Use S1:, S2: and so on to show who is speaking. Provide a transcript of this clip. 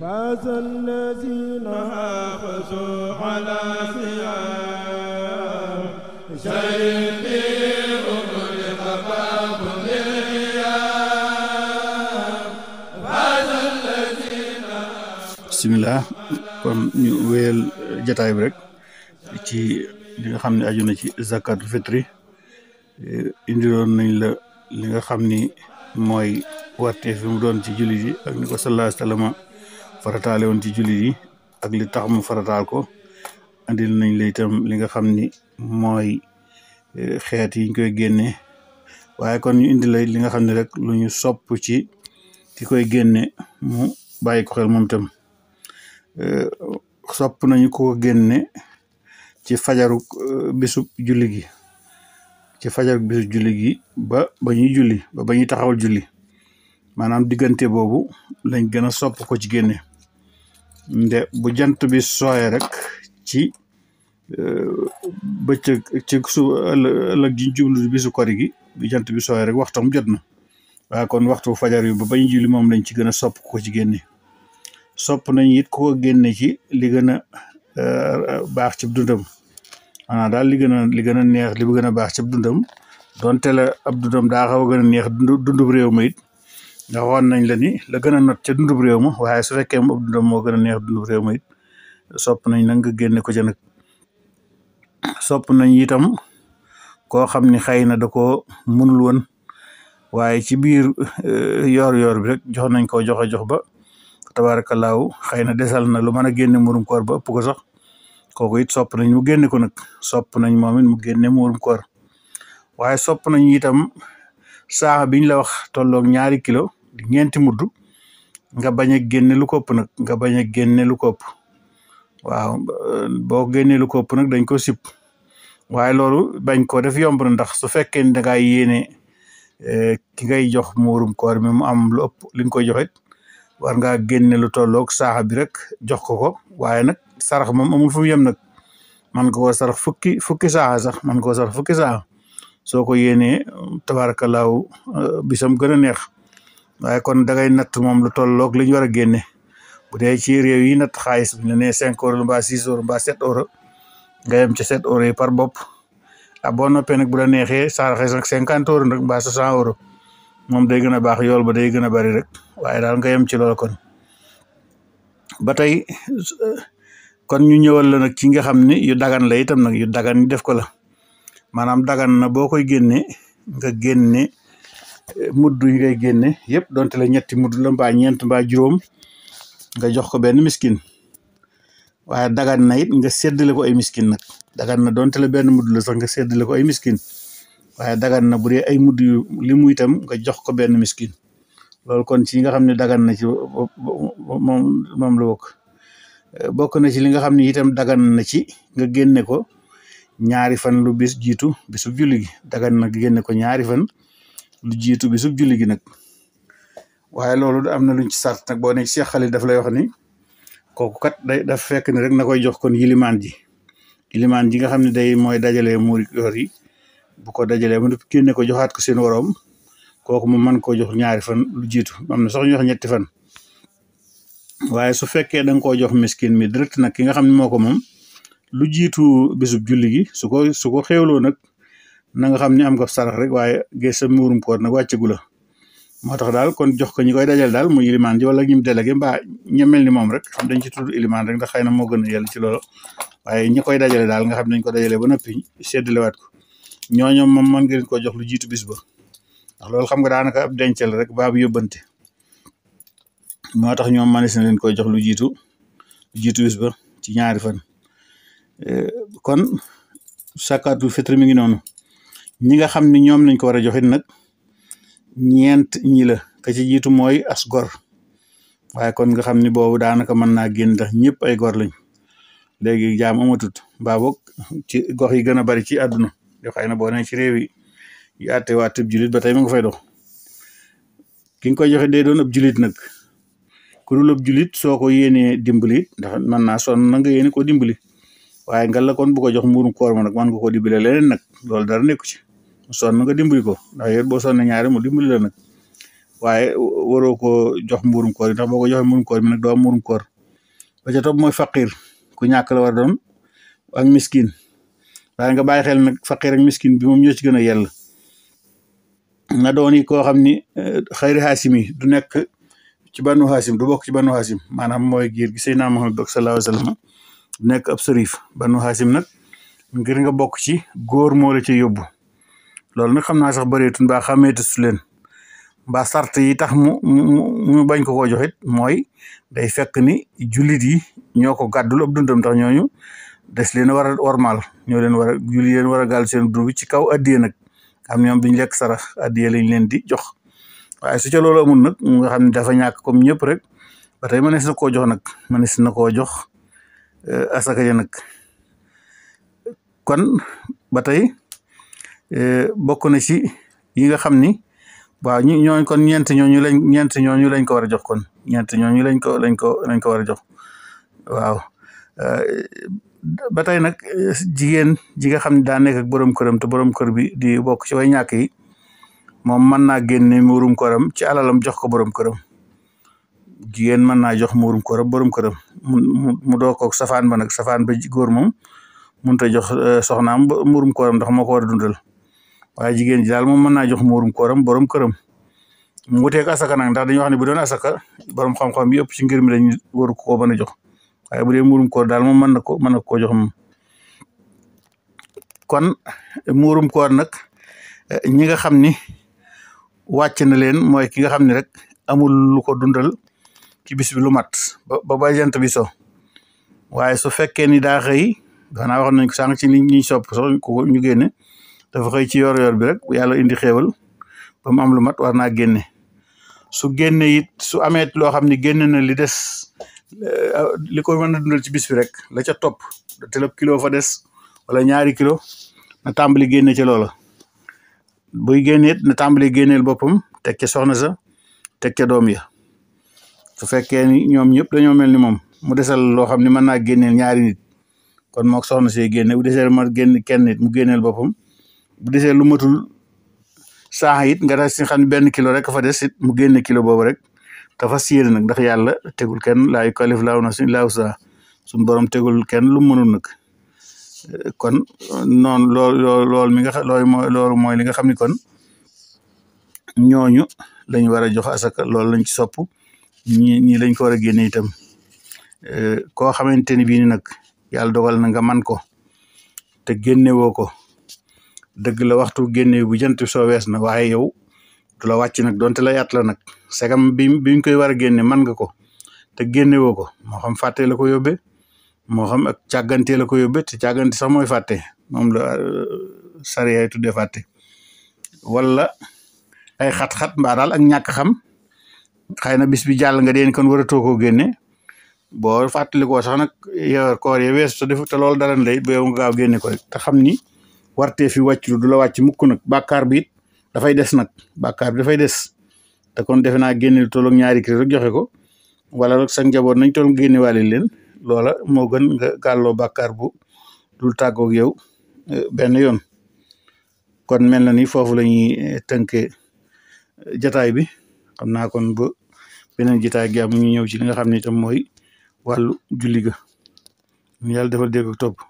S1: فاز الذين حافظوا على kon ñu wéyal jataay rek ci li nga xam ne aju na ci zakatul fitri eh, indiloon nañ la li nga xam ni mooy wàrtee fi mu doon ci jullit yi ak ni ko sallallahu farataale won ci jullit yi ak li tax mu farataal ko andil nañ la itam li nga xamni moy mooy e, yi ñu koy génne waye kon ñu indi lay li nga xamni rek lu ñu sopp ci ki koy génne mu bàyyi ko xel tam euh sopp nañu ko génne ci fajaru e, bisub julli gi ci fajaru bisub julli gi ba ba julli ba ba taxawul julli manam diggante bobu lañ gëna a sopp ko ci euh nde bu jant bi sooyee rek ci euh, bëccëg ci su ëllëg ji jublu bisu kori gi bu jant bi sooyee rek waxtam jot na waaye kon waxtu fajar yu ba bañ julli moom lañ ci gën a sopp ko ci génne sopp nañ it ko génne ci li gën a euh, baax cib dundam maanaam daal li gën a li gën a neex li gën a baax ci dundam donte la ab dundam daa xaw a gën a neex dundu réew ma ndax wan nañ la ni la gën a not ca dundub réew ma waaye su fekkee mu ab moo gën a neex dundub réew ma it sopp nañ nag nga génne ko ca nag sopp nañ itam koo xam ne xëy na da koo mënul woon waaye ci biir eh, yor-yor bi rek jox nañ koo joxe jox ba tabaarakallaahu xëy na desal na lu mën a génne murum koor ba ëpp ko sax kooku it sopp nañ mu génne ko nag sopp nañ moom it mu génne murum koor waaye sopp nañ itam saax biñ la wax tolloog ñaari kilo ñenti muddu nga baña génné génne lu kopp nak nga baña génné génne lu kopp waaw bo génné lu kopp nak dañ ko sip waye lolu bañ ko def yomb na ndax su fekkee da nga ngaa euh eh, ki ngay jox murum koor mi mu am lu ëpp li ngi koy joxit war nga génné lu tolloog saaxa bi rek jox ko ko waye nak sarax mom amul fu yem nak man ko sarax fukki fukki sax man ko sarax fukki saaxa soko yene tabarakallah eh, bisam gëna neex waaye kon da ngay nat mom lu tollok liñ wara génné a bu dee ci réew yi natt xaalis bi ñu ne cinq euros 6 six euros mbaa sept euros nga yem ca sept euros yi par bop a ah, boo noppee nak bu la nexé sa saraxee nak 50 euros nag mbaa 60 euros mom day gëna bax yool ba day gëna bari rek waaye dal nga yem ci lool kon batay kon ñu ñëwal la nak ci nga xam yu dagan la itam nak yu dagan def ko la manam dagan na bokoy génné nga génné mudd yi ngay génne yëpp donte la ñetti mudd la mbaa ñeent mbaa juróom nga jox ko benn miskin waaye dagan na it nga séddale ko ay miskin nag dagan na donte benn mudd la sax nga séddale ko ay miskin waaye dagan na bu dee ay mudd yu li mu itam nga jox ko benn miskin loolu kon ci nga xam ne dagan na ci moom moom la bokk eh, ci li nga xam ne itam dagan na ci nga génne ko ñaari fan lu bis jiitu bisu julli gi dagan na ko ñaari fan lu jiitu bi sub julli gi nag waaye loolu de am na luñ ci sart nag boo ne Cheikh Khalil daf lay wax ni kooku kat day daf fekk ne rek na koy jox kon yilimaan ji yilimaan ji nga xam ne day mooy dajale muuri yor yi bu ko dajalee mu génne ko joxaat ko seen woroom kooku mu mën koo jox ñaari fan lu jiitu am na sax ñu wax ñetti fan waaye su fekkee da ko jox miskin mi direct nag ki nga xam ne moo ko moom lu jiitu bisub julli gi su ko su ko nag na nga xam ne am nga sarax rek waaye gis sa muurum na nag wàccagu la moo tax daal kon jox ko ñi koy dajal daal muy ilimaan wala ñim délégué mbaa ña mel ni moom rek xam dañ ci tudd ilimaan rek ndax na moo gën a yàlla ci waaye ñi koy dajale daal nga xam dañ ko dajale ba noppi séddalewaat ko ñooñu moom mën ngeen ko jox lu jiitu bis ba ndax loolu xam nga daanaka ab dencal rek baabu yóbbante moo tax ñoom manis na leen koy jox lu jiitu lu ba ci ñaari fan eh, kon sakkaatu fitri mi ngi noonu ñi nga xam ne ñoom lañ ko war a joxit nag ñeent ñi la ka ci jiitu mooy as gor waaye kon nga xam ni boobu daanaka mën naa génn ndax ñëpp ay gor lañ léegi jaam amatut mbaa boog ci gox yi gën a bari ci àdduna yoo xëy na boo nee ci réew yi yu àtte waa julit ba tey ma nga fay dox ki nga koy joxe dee doon ab julit nag ku dul julit soo ko yéenee dimbali ndax man naa sonn na nga yéene ko dimbali waaye nga la kon bu ko jox mburum koor ma nag man nga ko dimbale leneen nag loolu dara nekku ci sonn nga dimbali ko ndax yéen boo sonnee ñaari mu dimbali la nag waaye waroo ko jox mburum koor yi ndax boo ko joxee mburum koor mi nag doo am mburum koor ba ca ku ñàkk la war ak miskin waaye nga bàyyi xel nag faqir ak miskin bi moom ñoo ci gën a yell na doon yi koo xam ni eh, xayri xaasim du nekk ci banu xaasim du bokk ci banu xaasim maanaam mooy giir gi Seydina Muhammad bokk nekk ab sërif banu nag ngir bokk ci góor moo la ci yóbbu loolu nag xam naa sax bëreetun baa xàmmeetu su leen mbaa sart yi tax mu mu bañ ko koo joxit mooy day fekk ni jullit yi ñoo ko gàddul ab dundam tax ñooñu des leen a war a ñoo leen war a julli leen war a gàll seen dund ci kaw addiye nag am ñoom duñ lekk sarax adiye lañ leen di jox waaye su ca loolu mun nag mu nga xam ne dafa ñàkk comme ñëpp rek ba tey mënees na koo jox nag mënees na koo jox eh, asaka ja nag kon ba tey Eh, bokk na ci yi nga xam ni waaw ñu ñooñ kon ñeent ñooñu lañ ñeent ñooñu lañ ko war a jox kon ñeent ñooñu lañ ko lañ ko lañ ko war a jox waaw eh, ba tey nag jigéen ji nga xam ne daa nekk ak borom këram te borom kër bi di bokk ci way ñàkk yi moom mën naa génne muurum këram ci alalam jox ko borom këram jigéen mën naa jox muurum këram borom këram mu mu doo koog safaan ba nag safaan ba góor moom mënut a jox eh, soxnaam muurum këram ndax moo ko war a dundal waaye jigéen ji daal moom mën naa jox muurum kooram borom këram mu wuteeg asaka nag ndax dañuy wax ne bu doon asaka borom xam-xam yëpp ci ngir mi dañu waru koo mën a jox waaye bu dee muurum koor daal moom mën na ko mën na koo jox moom kon muurum koor nag ñi nga xam ni wàcc na leen mooy ki nga xam ne rek amul lu ko dundal ci bis bi lu mat ba ba jant bi so waaye su fekkee ni daa xëy daanaa wax nañ ko sànq ci li ñuy sopp so ko ñu génne dafa xëy ci yor-yor bi rek bu yàlla indi xéewal ba mu am lu mat war naa génne su génne it su amee loo xam ni génne na li des li ko mën a dundal ci bis bi rek la ca topp te la kilo fa des wala ñaari kilo na tàmbali génne ca loola buy génne it na tàmbali génneel boppam teg ca soxna sa teg ca doom ya su fekkee ni ñoom ñëpp dañoo mel ni moom mu desal loo xam ni mën naa génneel ñaari nit kon mook soxna see génne bu desal ma génn kenn nit mu génneel boppam bu desee lu matul saax it nga tax si benn kilo rek fa des it mu génne kilo boobu rek dafa siyéene nag ndax yàlla tegul kenn laayu kalif laaw na si laaw saa suñu borom tegul kenn lu mënul nag kon noonu lool lool mi nga xam loolu mooy li nga xam ni kon ñooñu lañ war a jox loolu lañ ci sopp ñi ñi lañ ko war a génne itam eh, koo xamante ni bii ni nag yàlla dogal na nga man ko te génnewoo ko dëgg la waxtu génne bu jant soo wees na waaye yow du la wàcc nag donte la yàtt la nag segam bi biñ koy war a génne man nga ko te génne woo ko moo xam fàtte la ko yóbbe moo xam ak càggantee la ko yóbbe te càggante moy mooy fàtte moom la euh, sariya tuddee fàtte wala ay xat-xat mbaa daal ak ñàkk xam xëy na bis bi jàll nga deen kon war a tookoo fàttalikoo sax nag yow koor yi weesu te defu te loolu dara lay bu yow nga gaaw génne ko xam ni wartee fi wàccu du la wàcc mukk nag bàkkaar bi it dafay des nag bàkkaar bi dafay des te kon defe naa génne lu toll ak ñaari kilo joxe ko wala rek sax njaboot nañ toll génne waale leen loola moo gën nga gàlloo bàkkaar bu dul tàggoog yow e, benn yoon kon mel na ni foofu la ñuy e, e, jataay bi xam naa kon ba beneen jataay gi am ñu ñëw ci li nga xam ne itam mooy wàllu julli ga ñu yàlla defal dégg ak